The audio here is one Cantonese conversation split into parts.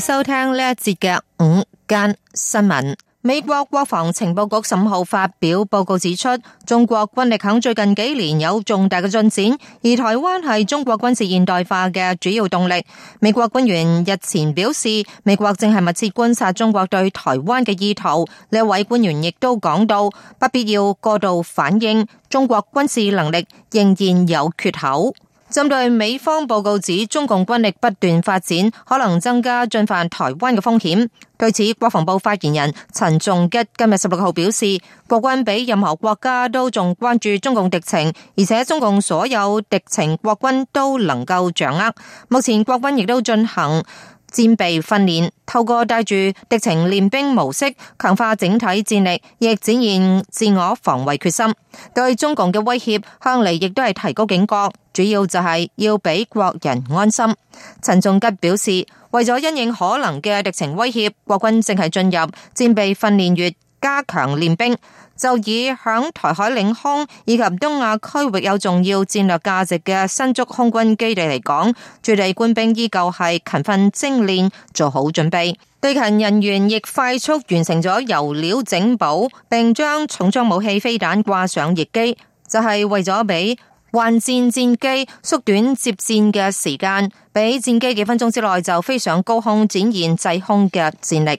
收聽呢一節嘅午間新聞。美國國防情報局十五號發表報告指出，中國軍力喺最近幾年有重大嘅進展，而台灣係中國軍事現代化嘅主要動力。美國官員日前表示，美國正係密切觀察中國對台灣嘅意圖。呢位官員亦都講到，不必要過度反應中國軍事能力，仍然有缺口。針對美方報告指中共軍力不斷發展，可能增加進犯台灣嘅風險，對此國防部發言人陳仲吉今日十六號表示，國軍比任何國家都仲關注中共敵情，而且中共所有敵情國軍都能夠掌握。目前國軍亦都進行。戰備訓練透過帶住敵情練兵模式，強化整體戰力，亦展現自我防衛決心。對中共嘅威脅，向嚟亦都係提高警覺，主要就係要俾國人安心。陳仲吉表示，為咗因應可能嘅敵情威脅，國軍正係進入戰備訓練月。加強練兵，就以響台海領空以及東亞區域有重要戰略價值嘅新竹空軍基地嚟講，駐地官兵依舊係勤奮精練，做好準備。地勤人員亦快速完成咗油料整補，並將重裝武器飛彈掛上翼機，就係、是、為咗俾幻戰戰機縮短接戰嘅時間，俾戰機幾分鐘之內就飛上高空展現制空嘅戰力。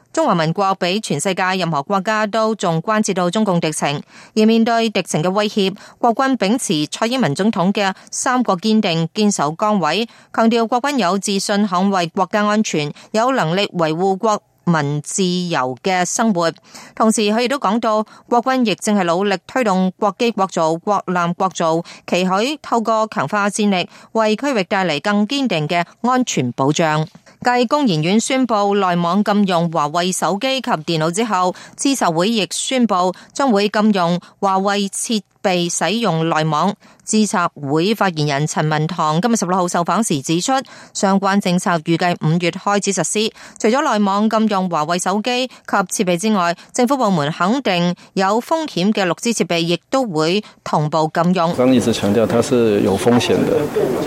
中華民國比全世界任何國家都仲關切到中共敵情，而面對敵情嘅威脅，國軍秉持蔡英文總統嘅“三個堅定”，堅守崗位，強調國軍有自信，捍衛國家安全，有能力維護國。民自由嘅生活，同時佢亦都講到，國軍亦正係努力推動國機國造、國艦國造，期許透過強化戰力，為區域帶嚟更堅定嘅安全保障。繼工研院宣布內網禁用華為手機及電腦之後，資策會亦宣布將會禁用華為設。被使用內網，資策會發言人陳文堂今日十六號受訪時指出，相關政策預計五月開始實施。除咗內網禁用華為手機及設備之外，政府部門肯定有風險嘅陸資設備，亦都會同步禁用。剛剛一直強調，它是有風險的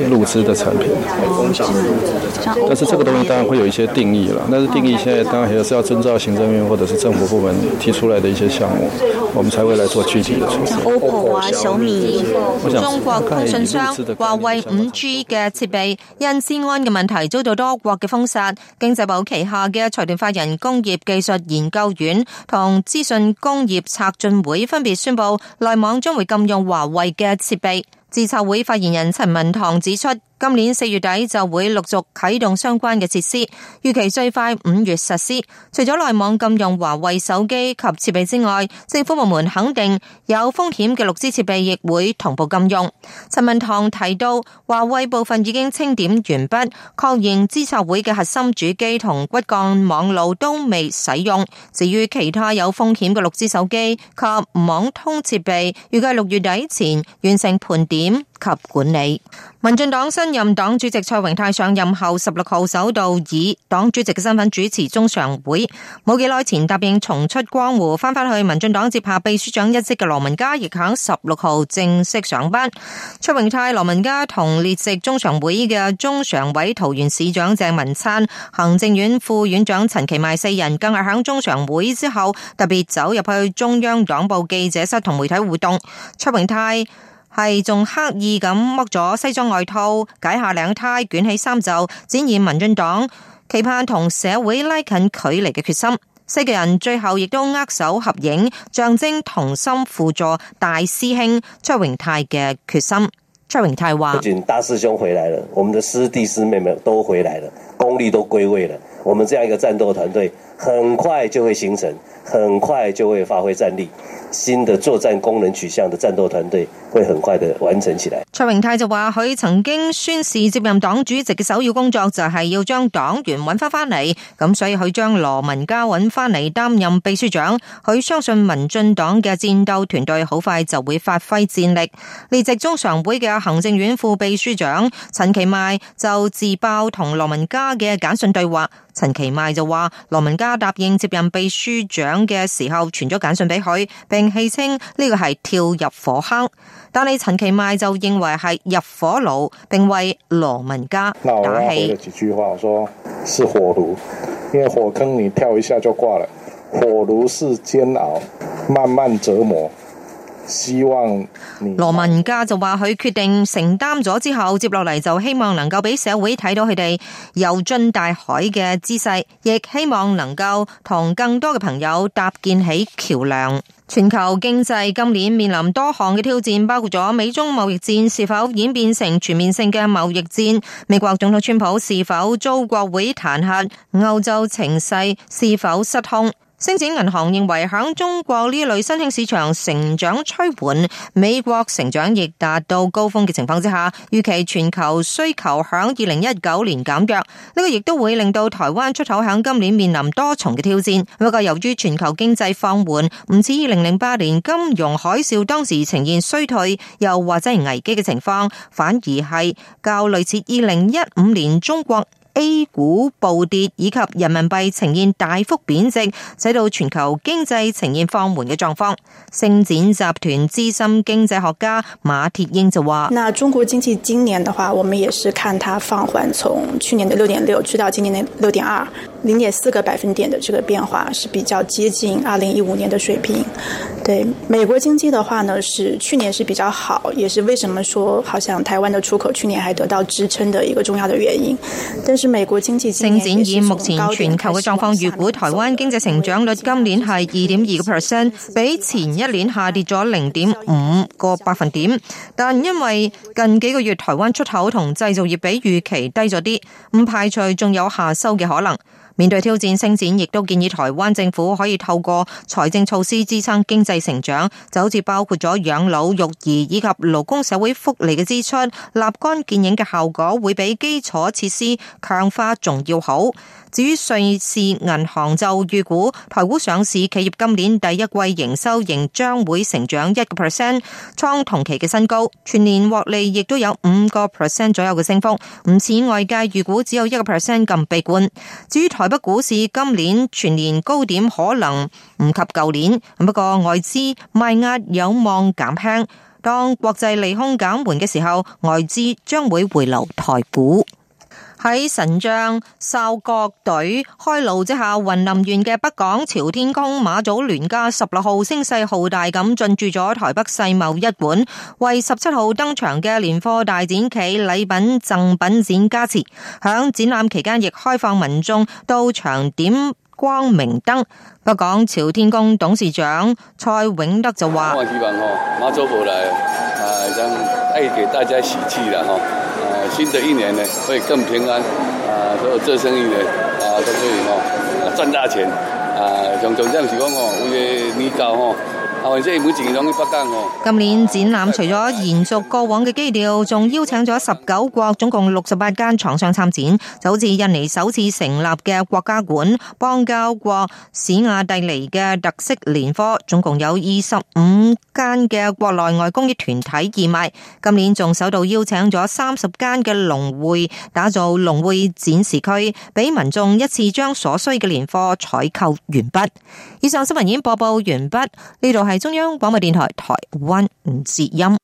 陸資的產品，但是這個東西當然會有一些定義啦。但是定義現在當然也是要遵照行政院或者是政府部門提出來的一些項目。我們才會來做具體的，啊、中國通訊商華為五 G 嘅設備因資安嘅問題遭到多國嘅封殺。經濟部旗下嘅財團法人工業技術研究院同資訊工業策進會分別宣佈，內網將會禁用華為嘅設備。資策會發言人陳文堂指出。今年四月底就會陸續啟動相關嘅設施，預期最快五月實施。除咗內網禁用華為手機及設備之外，政府部門肯定有風險嘅陸資設備亦會同步禁用。陳文堂提到，華為部分已經清點完畢，確認資策會嘅核心主機同骨幹網路都未使用。至於其他有風險嘅陸資手機及網通設備，預計六月底前完成盤點。及管理，民進黨新任黨主席蔡榮泰上任後，十六號首度以黨主席嘅身份主持中常會。冇幾耐前答應重出江湖，翻返去民進黨接下秘書長一職嘅羅文嘉，亦響十六號正式上班。蔡榮泰、羅文嘉同列席中常會嘅中常委桃園市長鄭文燦、行政院副院長陳其邁四人，更係響中常會之後特別走入去中央黨部記者室同媒體互動。蔡榮泰。係仲刻意咁剝咗西裝外套，解下領呔，捲起衫袖，展現民進黨期盼同社會拉近距離嘅決心。四個人最後亦都握手合影，象徵同心輔助大師兄卓榮泰嘅決心。卓榮泰話：不僅大師兄回來了，我們的師弟師妹妹都回來了，功力都歸位了，我們這樣一個戰鬥團隊很快就會形成。很快就會發揮戰力，新的作戰功能取向的戰鬥團隊會很快的完成起來。卓榮泰就話佢曾經宣示接任黨主席嘅首要工作就係要將黨員揾翻翻嚟，咁所以佢將羅文嘉揾翻嚟擔任秘書長。佢相信民進黨嘅戰鬥團隊好快就會發揮戰力。列席中常會嘅行政院副秘書長陳其邁就自爆同羅文嘉嘅簡訊對話。陳其邁就話羅文嘉答應接任秘書長嘅時候，傳咗簡訊俾佢，並戲稱呢個係跳入火坑。但係陳其邁就認為係入火爐，並為羅文嘉打氣。幾句話，我說是火爐，因為火坑你跳一下就掛了，火爐是煎熬，慢慢折磨。希望羅文嘉就話佢決定承擔咗之後，接落嚟就希望能夠俾社會睇到佢哋游進大海嘅姿勢，亦希望能夠同更多嘅朋友搭建起橋樑。全球經濟今年面臨多項嘅挑戰，包括咗美中貿易戰是否演變成全面性嘅貿易戰，美國總統川普是否遭國會彈劾，歐洲情勢是否失控。星展銀行認為，響中國呢類新興市場成長趨緩，美國成長亦達到高峰嘅情況之下，預期全球需求響二零一九年減弱，呢個亦都會令到台灣出口響今年面臨多重嘅挑戰。不過，由於全球經濟放緩，唔似二零零八年金融海嘯當時呈現衰退又或者係危機嘅情況，反而係較類似二零一五年中國。A 股暴跌以及人民幣呈現大幅貶值，使到全球經濟呈現放緩嘅狀況。星展集團資深經濟學家馬鐵英就話：那中國經濟今年的話，我們也是看它放緩，從去年嘅六點六，去到今年嘅六點二。零點四個百分點的這個變化是比較接近二零一五年的水平。對美國經濟的話呢，是去年是比較好，也是為什麼說好像台灣的出口去年還得到支撐的一個重要的原因。但是美國經濟今展以目前全球嘅狀況，預估台灣經濟成長率今年係二點二個 percent，比前一年下跌咗零點五個百分點。但因為近幾個月台灣出口同製造業比預期低咗啲，唔排除仲有下收嘅可能。面對挑戰升展，亦都建議台灣政府可以透過財政措施支撐經濟成長，就好似包括咗養老、育兒以及勞工社會福利嘅支出，立竿見影嘅效果會比基礎設施強化仲要好。至於瑞士銀行就預估，台股上市企業今年第一季營收仍將會成長一個 percent，創同期嘅新高，全年獲利亦都有五個 percent 左右嘅升幅，唔似外界預估只有一個 percent 咁悲觀。至於台北股市今年全年高點可能唔及舊年，不過外資賣壓有望減輕，當國際利空減緩嘅時候，外資將會回流台股。喺神將哨角隊開路之下，雲林縣嘅北港朝天宮馬祖聯家十六號聲勢浩大咁進駐咗台北世貿一館，為十七號登場嘅年貨大展暨禮品贈品展,展加持。響展覽期間，亦開放民眾到場點光明燈。北港朝天宮董事長蔡永德就話、啊：，我視頻，我做、啊、帶給大家喜氣啦！新的一年呢，會更平安。啊、呃，所有做生意的，啊、呃、都可以哦，賺大錢。啊、呃，像從這樣子講哦，你你搞哦。今年展覽除咗延續過往嘅基調，仲邀請咗十九國總共六十八間廠商參展。就好似印尼首次成立嘅國家館，邦交國、史亞蒂尼嘅特色年貨，總共有二十五間嘅國內外公益團體義賣。今年仲首度邀請咗三十間嘅農會，打造農會展示區，俾民眾一次將所需嘅年貨採購完畢。以上新聞已經播報完畢，呢度係。中央廣播電台台灣吳志欽。